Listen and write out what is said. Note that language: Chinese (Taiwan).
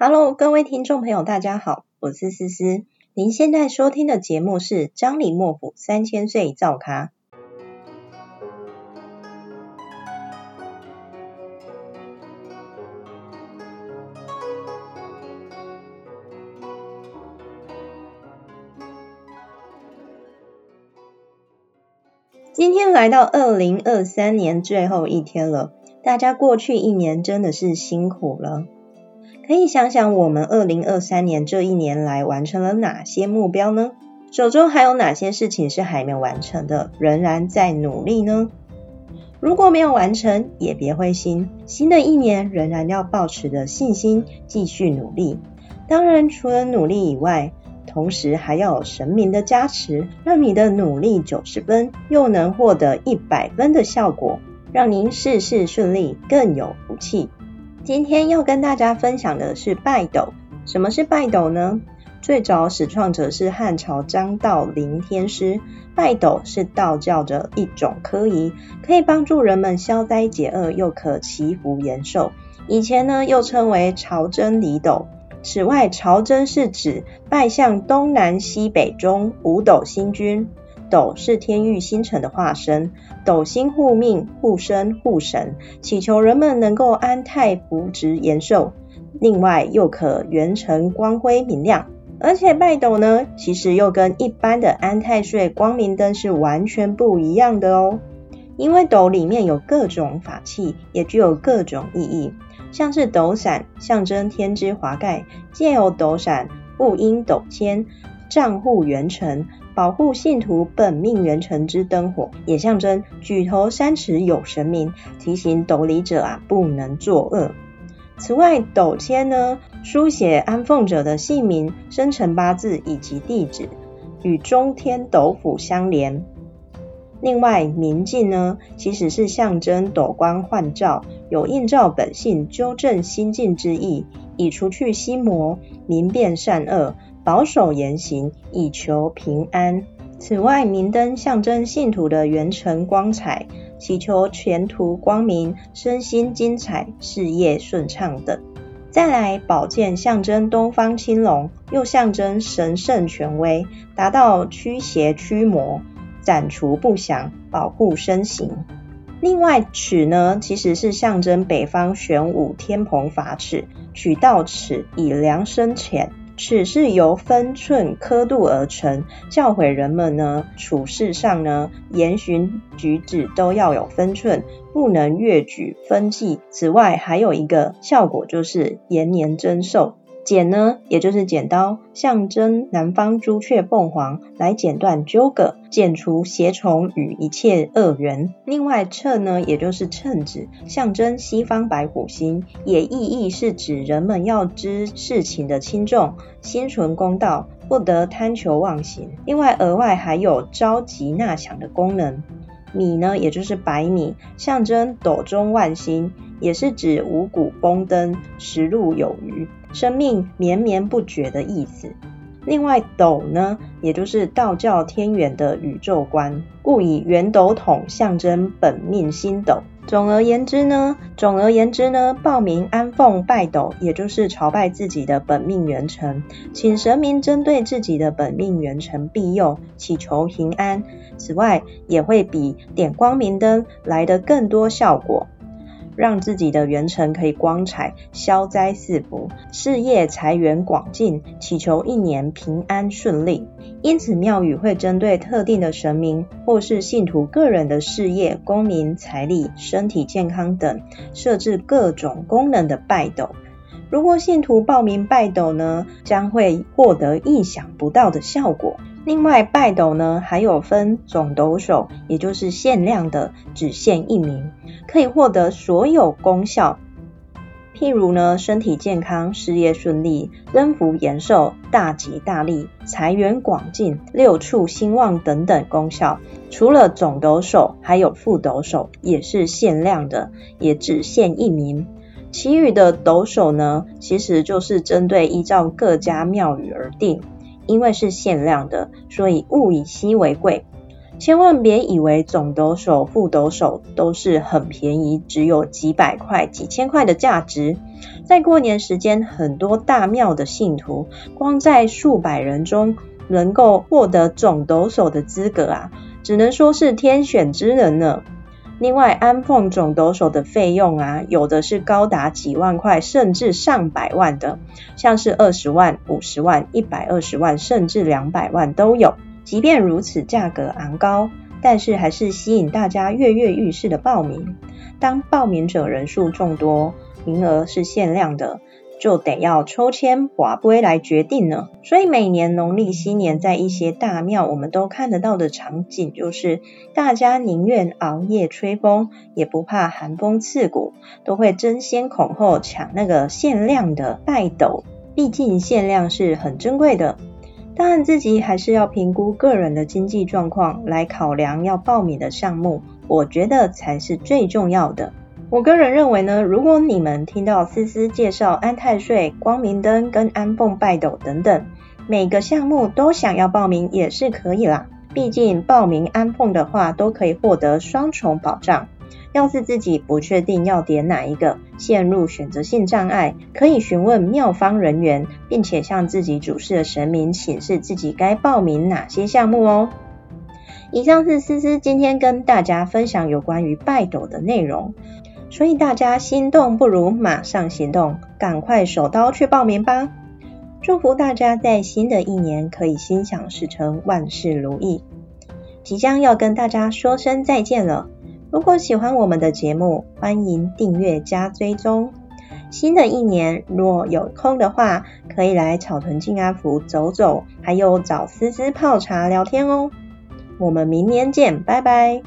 Hello，各位聽眾朋友，大家好，我是思思。您現在收聽的節目是張《張李莫府三千歲造咖》。今天來到二零二三年最後一天了，大家過去一年真的是辛苦了。可以想想我們二零二三年這一年來完成了哪些目標呢？手中還有哪些事情是還沒有完成的，仍然在努力呢？如果沒有完成，也別灰心，新的一年仍然要抱持著信心，繼續努力。當然，除了努力以外，同時還要有神明的加持，讓你的努力九十分，又能獲得一百分的效果，讓您事事順利，更有福氣。今天要跟大家分享的是拜斗。什麼是拜斗呢？最早始創者是漢朝張道陵天師。拜斗是道教的一種科儀，可以幫助人們消災解厄，又可祈福延壽。以前呢，又稱為朝真禮斗。此外，朝真是指拜向東南西北中五斗星君。斗是天域星辰的化身，斗星護命、護身、護神，祈求人們能夠安泰、福澤、延壽。另外，又可元辰光輝明亮。而且拜斗呢，其實又跟一般的安太歲光明燈是完全不一樣的哦。因為斗裡面有各種法器，也具有各種意義，像是斗傘象徵天之華蓋，借由斗傘護蔭斗籤，障護元辰。保護信徒本命元辰之燈火，也象徵舉頭三尺有神明，提醒斗裡者啊不能作惡。此外，斗籤呢，書寫安奉者的姓名、生辰八字以及地址，與中天斗府相連。另外，明鏡呢，其實是象徵斗光換照，有映照本性、糾正心境之意，以除去心魔，明辨善惡。保守言行以求平安。此外，明燈象徵信徒的元辰光彩，祈求前途光明、身心精彩、事業順暢等。再來，寶劍象徵東方青龍，又象徵神聖權威，達到驅邪驅魔、斬除不祥、保護身形。另外，尺呢其實是象徵北方玄武天蓬法尺，取道尺以量深淺。此是由分寸刻度而成，教誨人們呢處事上呢言行舉止都要有分寸，不能越矩分際。此外，還有一個效果就是延年增壽。剪呢，也就是剪刀，象徵南方朱雀鳳凰，來剪斷糾葛，剪除邪祟與一切惡緣。另外秤呢，也就是稱指，象徵西方白虎星，也意義是指人們要知事情的輕重，心存公道，不得貪求妄行。另外額外還有招吉納祥的功能。米呢，也就是白米，象徵斗中萬星，也是指五穀豐登、食祿有餘、生命綿綿不絕的意思。另外斗呢，也就是道教天元的宇宙觀，故以元斗桶象徵本命星斗。總而言之呢，總而言之呢，報名安奉拜斗，也就是朝拜自己的本命元辰，請神明針對自己的本命元辰庇佑，祈求平安。此外，也會比點光明燈來得更多效果。讓自己的元辰可以光彩，消災賜福，事業財源廣進，祈求一年平安順利。因此廟宇會針對特定的神明，或是信徒個人的事業、功名財力、身體健康等，設置各種功能的拜斗。如果信徒報名拜斗呢，將會獲得意想不到的效果。另外，拜斗呢還有分總斗首，也就是限量的，只限一名，可以獲得所有功效，譬如呢，身體健康、事業順利、增福延壽、大吉大利、財源廣進、六畜興旺等等功效。除了總斗首，還有副斗首，也是限量的，也只限一名。其餘的斗首呢，其實就是針對依照各家廟宇而定。因為是限量的，所以物以稀為貴。千萬別以為總斗首、副斗首都是很便宜，只有幾百塊、幾千塊的價值。在過年時間，很多大廟的信徒，光在數百人中能夠獲得總斗首的資格啊，只能說是天選之人了。另外，安奉總斗首的費用啊，有的是高達幾萬塊，甚至上百萬的，像是二十萬、五十萬、一百二十萬，甚至兩百萬都有。即便如此，價格昂高，但是還是吸引大家躍躍欲試的報名。當報名者人數眾多，名額是限量的。就得要抽籤劃歸來決定呢，所以每年農曆新年在一些大廟，我們都看得到的場景，就是大家寧願熬夜吹風，也不怕寒風刺骨，都會爭先恐後搶那個限量的拜斗，畢竟限量是很珍貴的。當然自己還是要評估個人的經濟狀況，來考量要報名的項目，我覺得才是最重要的。我個人認為呢，如果你們聽到絲絲介紹安太歲、光明燈跟安奉拜斗等等，每個項目都想要報名也是可以啦。畢竟報名安奉的話，都可以獲得雙重保障。要是自己不確定要點哪一個，陷入選擇性障礙，可以詢問廟方人員，並且向自己主事的神明請示自己該報名哪些項目哦、喔。以上是絲絲今天跟大家分享有關於拜斗的內容。所以大家心動不如馬上行動，趕快手刀去報名吧！祝福大家在新的一年可以心想事成、萬事如意。即將要跟大家說聲再見了，如果喜歡我們的節目，歡迎訂閱加追蹤。新的一年若有空的話，可以來草屯靖安府走走，還有找絲絲泡茶聊天哦。我們明年見，拜拜。